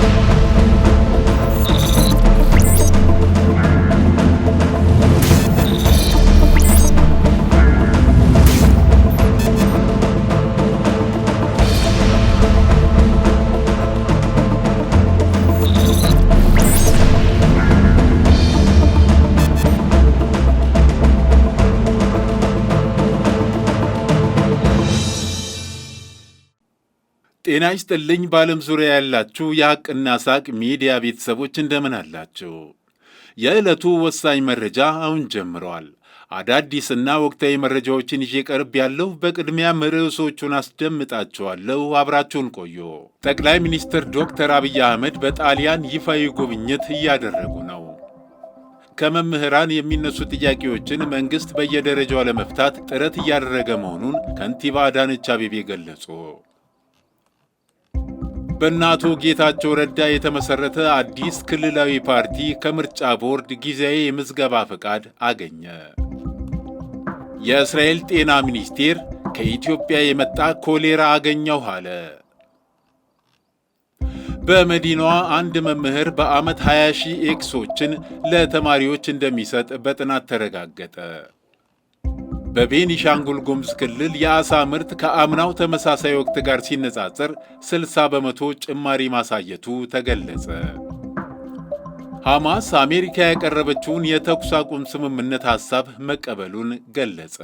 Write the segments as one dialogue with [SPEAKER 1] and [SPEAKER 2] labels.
[SPEAKER 1] Thank you. ጤና ይስጥልኝ በዓለም ዙሪያ ያላችሁ የሐቅና ሳቅ ሚዲያ ቤተሰቦች እንደምን አላችሁ? የዕለቱ ወሳኝ መረጃ አሁን ጀምረዋል። አዳዲስና ወቅታዊ መረጃዎችን ይዤ ቀርብ ያለሁ። በቅድሚያም ርዕሶቹን አስደምጣችኋለሁ። አብራችሁን ቆዩ። ጠቅላይ ሚኒስትር ዶክተር አብይ አህመድ በጣሊያን ይፋዊ ጉብኝት እያደረጉ ነው። ከመምህራን የሚነሱ ጥያቄዎችን መንግሥት በየደረጃው ለመፍታት ጥረት እያደረገ መሆኑን ከንቲባ አዳነች አቤቤ ገለጹ። በእናቶ ጌታቸው ረዳ የተመሰረተ አዲስ ክልላዊ ፓርቲ ከምርጫ ቦርድ ጊዜያዊ የምዝገባ ፈቃድ አገኘ። የእስራኤል ጤና ሚኒስቴር ከኢትዮጵያ የመጣ ኮሌራ አገኘሁ አለ። በመዲናዋ አንድ መምህር በዓመት 20 ሺህ ኤክሶችን ለተማሪዎች እንደሚሰጥ በጥናት ተረጋገጠ። በቤኒሻንጉል ጉሙዝ ክልል የአሳ ምርት ከአምናው ተመሳሳይ ወቅት ጋር ሲነጻጸር 60 በመቶ ጭማሪ ማሳየቱ ተገለጸ። ሐማስ አሜሪካ ያቀረበችውን የተኩስ አቁም ስምምነት ሐሳብ መቀበሉን ገለጸ።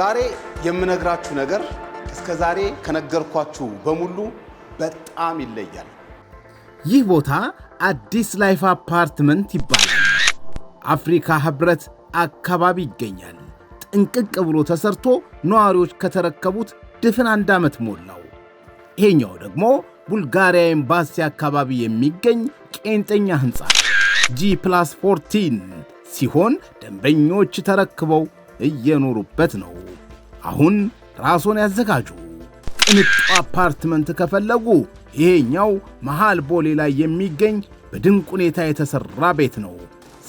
[SPEAKER 2] ዛሬ የምነግራችሁ ነገር እስከ ዛሬ ከነገርኳችሁ በሙሉ በጣም ይለያል።
[SPEAKER 3] ይህ ቦታ አዲስ ላይፍ አፓርትመንት ይባላል። አፍሪካ ህብረት አካባቢ ይገኛል። ጥንቅቅ ብሎ ተሰርቶ ነዋሪዎች ከተረከቡት ድፍን አንድ ዓመት ሞላው። ይሄኛው ደግሞ ቡልጋሪያ ኤምባሲ አካባቢ የሚገኝ ቄንጠኛ ሕንፃ ጂ ፕላስ 14 ሲሆን ደንበኞች ተረክበው እየኖሩበት ነው። አሁን ራስዎን ያዘጋጁ። ቅንጡ አፓርትመንት ከፈለጉ ይሄኛው መሃል ቦሌ ላይ የሚገኝ በድንቅ ሁኔታ የተሠራ ቤት ነው።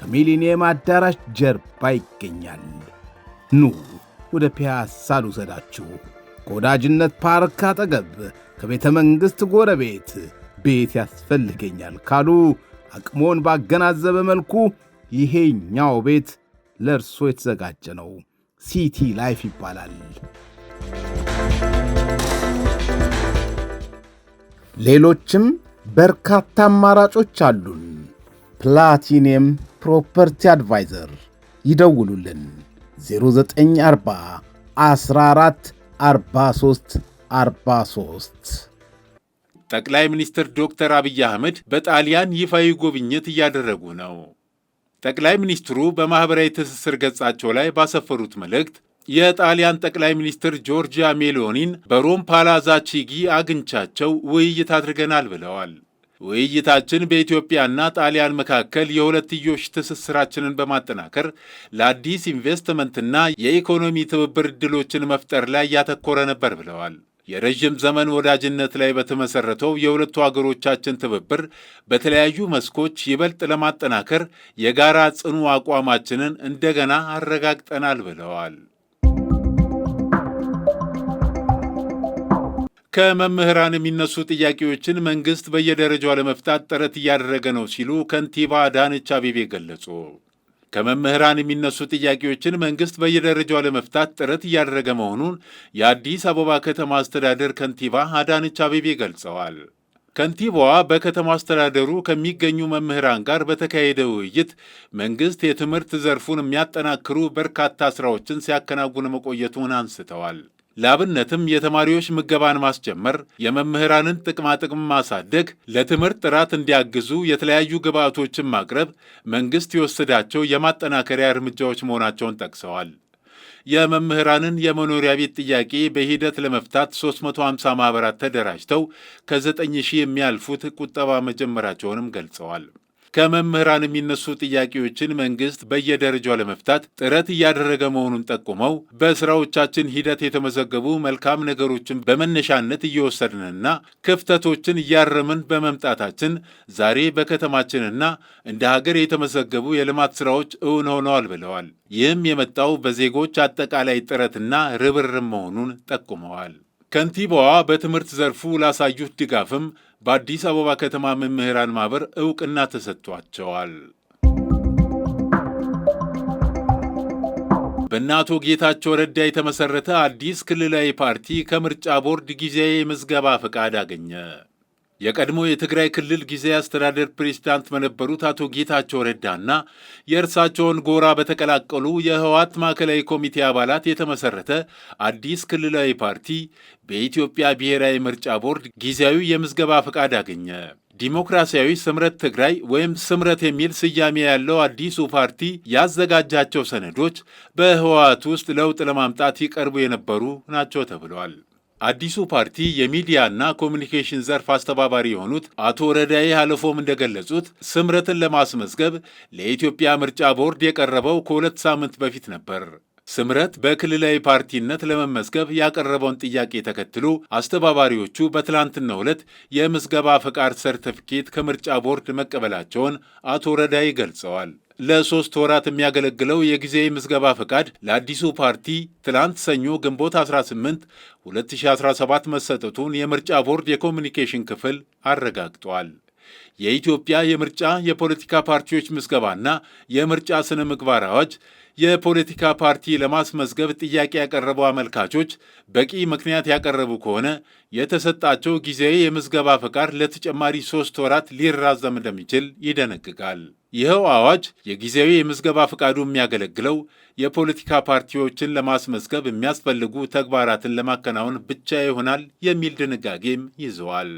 [SPEAKER 3] ከሚሊኒየም አዳራሽ ጀርባ ይገኛል። ኑ ወደ ፒያሳ ልውሰዳችሁ። ከወዳጅነት ፓርክ አጠገብ ከቤተ መንግሥት ጎረቤት ቤት ያስፈልገኛል ካሉ አቅሞን ባገናዘበ መልኩ ይሄኛው ቤት ለእርሶ የተዘጋጀ ነው። ሲቲ ላይፍ ይባላል።
[SPEAKER 4] ሌሎችም በርካታ አማራጮች አሉን። ፕላቲኒየም ፕሮፐርቲ አድቫይዘር ይደውሉልን 0940 14 43 43
[SPEAKER 1] ጠቅላይ ሚኒስትር ዶክተር አብይ አህመድ በጣሊያን ይፋዊ ጉብኝት እያደረጉ ነው። ጠቅላይ ሚኒስትሩ በማኅበራዊ ትስስር ገጻቸው ላይ ባሰፈሩት መልእክት የጣሊያን ጠቅላይ ሚኒስትር ጆርጂያ ሜሎኒን በሮም ፓላዛ ቺጊ አግኝቻቸው ውይይት አድርገናል ብለዋል። ውይይታችን በኢትዮጵያና ጣሊያን መካከል የሁለትዮሽ ትስስራችንን በማጠናከር ለአዲስ ኢንቨስትመንትና የኢኮኖሚ ትብብር ዕድሎችን መፍጠር ላይ ያተኮረ ነበር ብለዋል። የረዥም ዘመን ወዳጅነት ላይ በተመሠረተው የሁለቱ አገሮቻችን ትብብር በተለያዩ መስኮች ይበልጥ ለማጠናከር የጋራ ጽኑ አቋማችንን እንደገና አረጋግጠናል ብለዋል። ከመምህራን የሚነሱ ጥያቄዎችን መንግስት በየደረጃው ለመፍታት ጥረት እያደረገ ነው ሲሉ ከንቲባ አዳነች አቤቤ ገለጹ። ከመምህራን የሚነሱ ጥያቄዎችን መንግስት በየደረጃው ለመፍታት ጥረት እያደረገ መሆኑን የአዲስ አበባ ከተማ አስተዳደር ከንቲባ አዳነች አቤቤ ገልጸዋል። ከንቲባዋ በከተማ አስተዳደሩ ከሚገኙ መምህራን ጋር በተካሄደ ውይይት መንግስት የትምህርት ዘርፉን የሚያጠናክሩ በርካታ ስራዎችን ሲያከናውን መቆየቱን አንስተዋል። ለአብነትም የተማሪዎች ምገባን ማስጀመር፣ የመምህራንን ጥቅማጥቅም ማሳደግ፣ ለትምህርት ጥራት እንዲያግዙ የተለያዩ ግብዓቶችን ማቅረብ መንግሥት የወሰዳቸው የማጠናከሪያ እርምጃዎች መሆናቸውን ጠቅሰዋል። የመምህራንን የመኖሪያ ቤት ጥያቄ በሂደት ለመፍታት 350 ማኅበራት ተደራጅተው ከ9 ሺህ የሚያልፉት ቁጠባ መጀመራቸውንም ገልጸዋል። ከመምህራን የሚነሱ ጥያቄዎችን መንግስት በየደረጃው ለመፍታት ጥረት እያደረገ መሆኑን ጠቁመው በስራዎቻችን ሂደት የተመዘገቡ መልካም ነገሮችን በመነሻነት እየወሰድንና ክፍተቶችን እያረምን በመምጣታችን ዛሬ በከተማችንና እንደ ሀገር የተመዘገቡ የልማት ስራዎች እውን ሆነዋል ብለዋል። ይህም የመጣው በዜጎች አጠቃላይ ጥረትና ርብርም መሆኑን ጠቁመዋል። ከንቲባዋ በትምህርት ዘርፉ ላሳዩት ድጋፍም በአዲስ አበባ ከተማ መምህራን ማህበር እውቅና ተሰጥቷቸዋል። በእነ አቶ ጌታቸው ረዳ የተመሰረተ አዲስ ክልላዊ ፓርቲ ከምርጫ ቦርድ ጊዜያዊ መዝገባ ፈቃድ አገኘ። የቀድሞ የትግራይ ክልል ጊዜያዊ አስተዳደር ፕሬዚዳንት በነበሩት አቶ ጌታቸው ረዳና የእርሳቸውን ጎራ በተቀላቀሉ የህወሓት ማዕከላዊ ኮሚቴ አባላት የተመሰረተ አዲስ ክልላዊ ፓርቲ በኢትዮጵያ ብሔራዊ ምርጫ ቦርድ ጊዜያዊ የምዝገባ ፈቃድ አገኘ። ዲሞክራሲያዊ ስምረት ትግራይ ወይም ስምረት የሚል ስያሜ ያለው አዲሱ ፓርቲ ያዘጋጃቸው ሰነዶች በህወሓት ውስጥ ለውጥ ለማምጣት ይቀርቡ የነበሩ ናቸው ተብለዋል። አዲሱ ፓርቲ የሚዲያና ኮሚኒኬሽን ዘርፍ አስተባባሪ የሆኑት አቶ ረዳዬ ሀለፎም እንደገለጹት ስምረትን ለማስመዝገብ ለኢትዮጵያ ምርጫ ቦርድ የቀረበው ከሁለት ሳምንት በፊት ነበር። ስምረት በክልላዊ ፓርቲነት ለመመዝገብ ያቀረበውን ጥያቄ ተከትሎ አስተባባሪዎቹ በትላንትናው ዕለት የምዝገባ ፈቃድ ሰርተፍኬት ከምርጫ ቦርድ መቀበላቸውን አቶ ረዳይ ገልጸዋል። ለሶስት ወራት የሚያገለግለው የጊዜያዊ ምዝገባ ፈቃድ ለአዲሱ ፓርቲ ትላንት ሰኞ ግንቦት 18 2017 መሰጠቱን የምርጫ ቦርድ የኮሚኒኬሽን ክፍል አረጋግጧል። የኢትዮጵያ የምርጫ የፖለቲካ ፓርቲዎች ምዝገባና የምርጫ ስነ ምግባር አዋጅ የፖለቲካ ፓርቲ ለማስመዝገብ ጥያቄ ያቀረቡ አመልካቾች በቂ ምክንያት ያቀረቡ ከሆነ የተሰጣቸው ጊዜያዊ የምዝገባ ፈቃድ ለተጨማሪ ሶስት ወራት ሊራዘም እንደሚችል ይደነግጋል። ይኸው አዋጅ የጊዜያዊ የምዝገባ ፈቃዱ የሚያገለግለው የፖለቲካ ፓርቲዎችን ለማስመዝገብ የሚያስፈልጉ ተግባራትን ለማከናወን ብቻ ይሆናል የሚል ድንጋጌም ይዘዋል።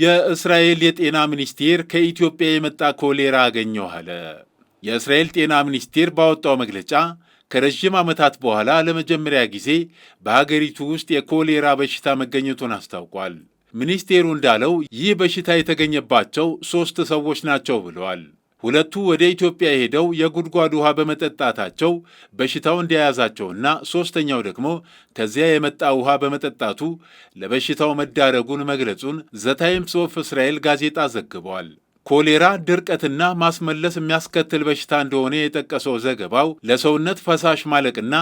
[SPEAKER 1] የእስራኤል የጤና ሚኒስቴር ከኢትዮጵያ የመጣ ኮሌራ አገኘሁ አለ። የእስራኤል ጤና ሚኒስቴር ባወጣው መግለጫ ከረዥም ዓመታት በኋላ ለመጀመሪያ ጊዜ በሀገሪቱ ውስጥ የኮሌራ በሽታ መገኘቱን አስታውቋል። ሚኒስቴሩ እንዳለው ይህ በሽታ የተገኘባቸው ሦስት ሰዎች ናቸው ብለዋል። ሁለቱ ወደ ኢትዮጵያ ሄደው የጉድጓድ ውሃ በመጠጣታቸው በሽታው እንደያዛቸውና ሦስተኛው ደግሞ ከዚያ የመጣ ውሃ በመጠጣቱ ለበሽታው መዳረጉን መግለጹን ዘ ታይምስ ኦፍ እስራኤል ጋዜጣ ዘግበዋል። ኮሌራ ድርቀትና ማስመለስ የሚያስከትል በሽታ እንደሆነ የጠቀሰው ዘገባው ለሰውነት ፈሳሽ ማለቅና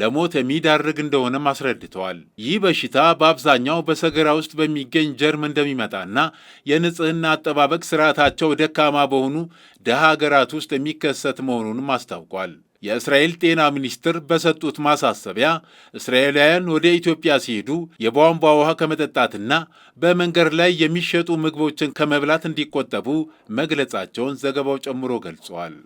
[SPEAKER 1] ለሞት የሚዳርግ እንደሆነም አስረድተዋል። ይህ በሽታ በአብዛኛው በሰገራ ውስጥ በሚገኝ ጀርም እንደሚመጣና የንጽህና አጠባበቅ ስርዓታቸው ደካማ በሆኑ ደሃ ሀገራት ውስጥ የሚከሰት መሆኑንም አስታውቋል። የእስራኤል ጤና ሚኒስትር በሰጡት ማሳሰቢያ እስራኤላውያን ወደ ኢትዮጵያ ሲሄዱ የቧንቧ ውሃ ከመጠጣትና በመንገድ ላይ የሚሸጡ ምግቦችን ከመብላት እንዲቆጠቡ መግለጻቸውን ዘገባው ጨምሮ ገልጿል።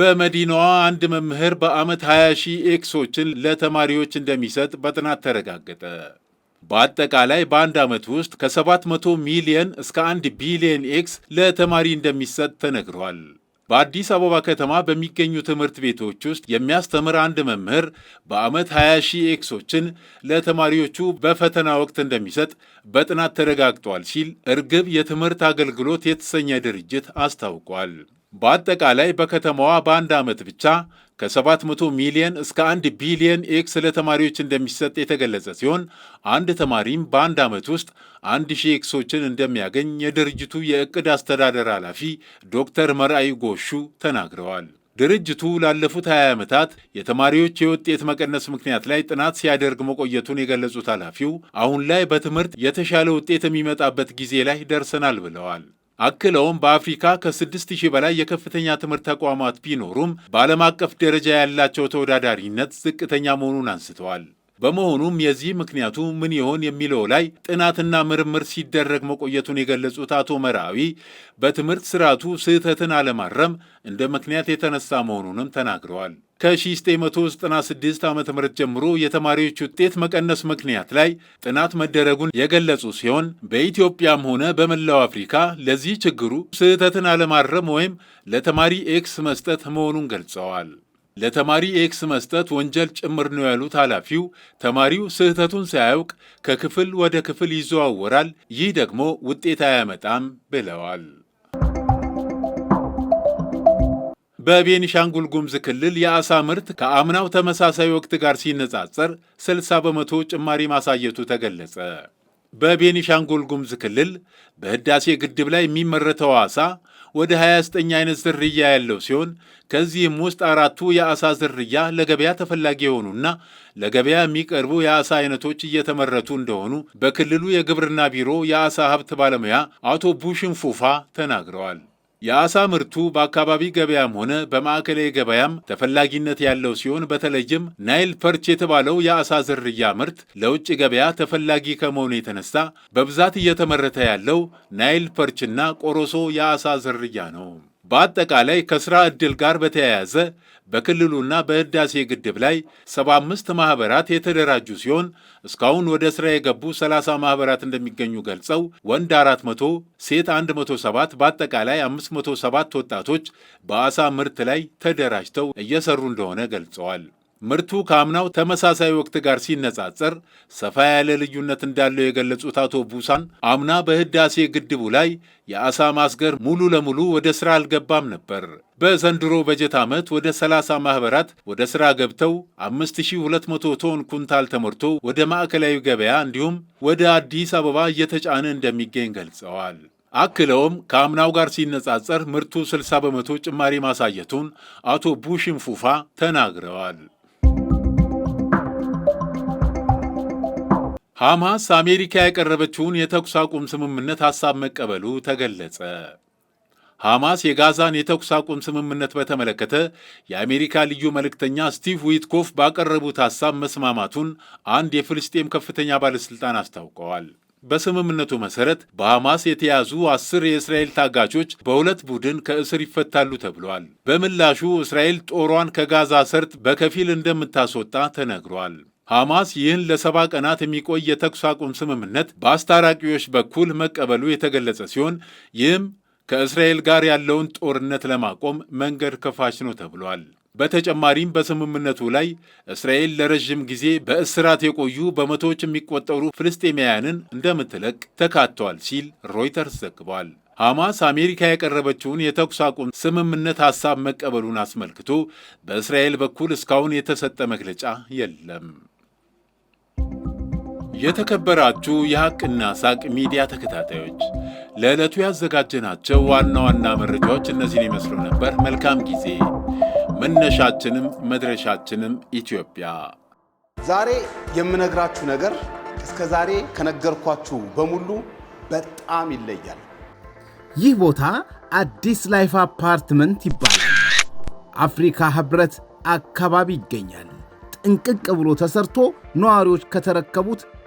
[SPEAKER 1] በመዲናዋ አንድ መምህር በዓመት 20 ሺህ ኤክሶችን ለተማሪዎች እንደሚሰጥ በጥናት ተረጋገጠ። በአጠቃላይ በአንድ ዓመት ውስጥ ከ700 ሚሊየን እስከ 1 ቢሊየን ኤክስ ለተማሪ እንደሚሰጥ ተነግሯል። በአዲስ አበባ ከተማ በሚገኙ ትምህርት ቤቶች ውስጥ የሚያስተምር አንድ መምህር በዓመት 20 ሺህ ኤክሶችን ለተማሪዎቹ በፈተና ወቅት እንደሚሰጥ በጥናት ተረጋግጧል ሲል እርግብ የትምህርት አገልግሎት የተሰኘ ድርጅት አስታውቋል። በአጠቃላይ በከተማዋ በአንድ ዓመት ብቻ ከ700 ሚሊየን እስከ 1 ቢሊየን ኤክስ ለተማሪዎች እንደሚሰጥ የተገለጸ ሲሆን አንድ ተማሪም በአንድ ዓመት ውስጥ 1000 ኤክሶችን እንደሚያገኝ የድርጅቱ የእቅድ አስተዳደር ኃላፊ ዶክተር መርአይ ጎሹ ተናግረዋል። ድርጅቱ ላለፉት 20 ዓመታት የተማሪዎች የውጤት መቀነስ ምክንያት ላይ ጥናት ሲያደርግ መቆየቱን የገለጹት ኃላፊው አሁን ላይ በትምህርት የተሻለ ውጤት የሚመጣበት ጊዜ ላይ ደርሰናል ብለዋል። አክለውም በአፍሪካ ከ6000 በላይ የከፍተኛ ትምህርት ተቋማት ቢኖሩም በዓለም አቀፍ ደረጃ ያላቸው ተወዳዳሪነት ዝቅተኛ መሆኑን አንስተዋል። በመሆኑም የዚህ ምክንያቱ ምን ይሆን የሚለው ላይ ጥናትና ምርምር ሲደረግ መቆየቱን የገለጹት አቶ መራዊ በትምህርት ስርዓቱ ስህተትን አለማረም እንደ ምክንያት የተነሳ መሆኑንም ተናግረዋል። ከ1996 ዓ ም ጀምሮ የተማሪዎች ውጤት መቀነስ ምክንያት ላይ ጥናት መደረጉን የገለጹ ሲሆን በኢትዮጵያም ሆነ በመላው አፍሪካ ለዚህ ችግሩ ስህተትን አለማረም ወይም ለተማሪ ኤክስ መስጠት መሆኑን ገልጸዋል። ለተማሪ ኤክስ መስጠት ወንጀል ጭምር ነው ያሉት ኃላፊው፣ ተማሪው ስህተቱን ሳያውቅ ከክፍል ወደ ክፍል ይዘዋወራል። ይህ ደግሞ ውጤት አያመጣም ብለዋል። በቤኒሻንጉል ጉሙዝ ክልል የአሳ ምርት ከአምናው ተመሳሳይ ወቅት ጋር ሲነጻጸር 60 በመቶ ጭማሪ ማሳየቱ ተገለጸ። በቤኒሻንጉል ጉምዝ ክልል በህዳሴ ግድብ ላይ የሚመረተው አሳ ወደ 29 አይነት ዝርያ ያለው ሲሆን ከዚህም ውስጥ አራቱ የአሳ ዝርያ ለገበያ ተፈላጊ የሆኑና ለገበያ የሚቀርቡ የአሳ አይነቶች እየተመረቱ እንደሆኑ በክልሉ የግብርና ቢሮ የአሳ ሀብት ባለሙያ አቶ ቡሽን ፉፋ ተናግረዋል። የአሳ ምርቱ በአካባቢ ገበያም ሆነ በማዕከላዊ ገበያም ተፈላጊነት ያለው ሲሆን በተለይም ናይል ፐርች የተባለው የአሳ ዝርያ ምርት ለውጭ ገበያ ተፈላጊ ከመሆኑ የተነሳ በብዛት እየተመረተ ያለው ናይል ፐርችና ቆሮሶ የአሳ ዝርያ ነው። በአጠቃላይ ከስራ ዕድል ጋር በተያያዘ በክልሉና በህዳሴ ግድብ ላይ 75 ማኅበራት የተደራጁ ሲሆን እስካሁን ወደ ሥራ የገቡ 30 ማኅበራት እንደሚገኙ ገልጸው ወንድ 400፣ ሴት 107 በአጠቃላይ 507 ወጣቶች በአሳ ምርት ላይ ተደራጅተው እየሰሩ እንደሆነ ገልጸዋል። ምርቱ ከአምናው ተመሳሳይ ወቅት ጋር ሲነጻጸር ሰፋ ያለ ልዩነት እንዳለው የገለጹት አቶ ቡሳን አምና በህዳሴ ግድቡ ላይ የአሳ ማስገር ሙሉ ለሙሉ ወደ ሥራ አልገባም ነበር። በዘንድሮ በጀት ዓመት ወደ 30 ማኅበራት ወደ ሥራ ገብተው 5200 ቶን ኩንታል ተሞርቶ ወደ ማዕከላዊ ገበያ እንዲሁም ወደ አዲስ አበባ እየተጫነ እንደሚገኝ ገልጸዋል። አክለውም ከአምናው ጋር ሲነጻጸር ምርቱ 60 በመቶ ጭማሪ ማሳየቱን አቶ ቡሽን ፉፋ ተናግረዋል። ሐማስ አሜሪካ ያቀረበችውን የተኩስ አቁም ስምምነት ሐሳብ መቀበሉ ተገለጸ። ሐማስ የጋዛን የተኩስ አቁም ስምምነት በተመለከተ የአሜሪካ ልዩ መልእክተኛ ስቲቭ ዊትኮፍ ባቀረቡት ሐሳብ መስማማቱን አንድ የፍልስጤም ከፍተኛ ባለሥልጣን አስታውቀዋል። በስምምነቱ መሠረት በሐማስ የተያዙ አስር የእስራኤል ታጋቾች በሁለት ቡድን ከእስር ይፈታሉ ተብሏል። በምላሹ እስራኤል ጦሯን ከጋዛ ሰርጥ በከፊል እንደምታስወጣ ተነግሯል። ሐማስ ይህን ለሰባ ቀናት የሚቆይ የተኩስ አቁም ስምምነት በአስታራቂዎች በኩል መቀበሉ የተገለጸ ሲሆን ይህም ከእስራኤል ጋር ያለውን ጦርነት ለማቆም መንገድ ከፋች ነው ተብሏል። በተጨማሪም በስምምነቱ ላይ እስራኤል ለረዥም ጊዜ በእስራት የቆዩ በመቶዎች የሚቆጠሩ ፍልስጤማውያንን እንደምትለቅ ተካቷል ሲል ሮይተርስ ዘግቧል። ሐማስ አሜሪካ የቀረበችውን የተኩስ አቁም ስምምነት ሐሳብ መቀበሉን አስመልክቶ በእስራኤል በኩል እስካሁን የተሰጠ መግለጫ የለም። የተከበራችሁ የሐቅና ሳቅ ሚዲያ ተከታታዮች ለዕለቱ ያዘጋጀናቸው ዋና ዋና መረጃዎች እነዚህን ይመስሉ ነበር። መልካም ጊዜ። መነሻችንም መድረሻችንም ኢትዮጵያ።
[SPEAKER 2] ዛሬ የምነግራችሁ ነገር እስከ ዛሬ ከነገርኳችሁ በሙሉ በጣም ይለያል።
[SPEAKER 3] ይህ ቦታ አዲስ ላይፍ አፓርትመንት ይባላል። አፍሪካ ህብረት አካባቢ ይገኛል። ጥንቅቅ ብሎ ተሰርቶ ነዋሪዎች ከተረከቡት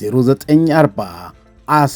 [SPEAKER 4] 0940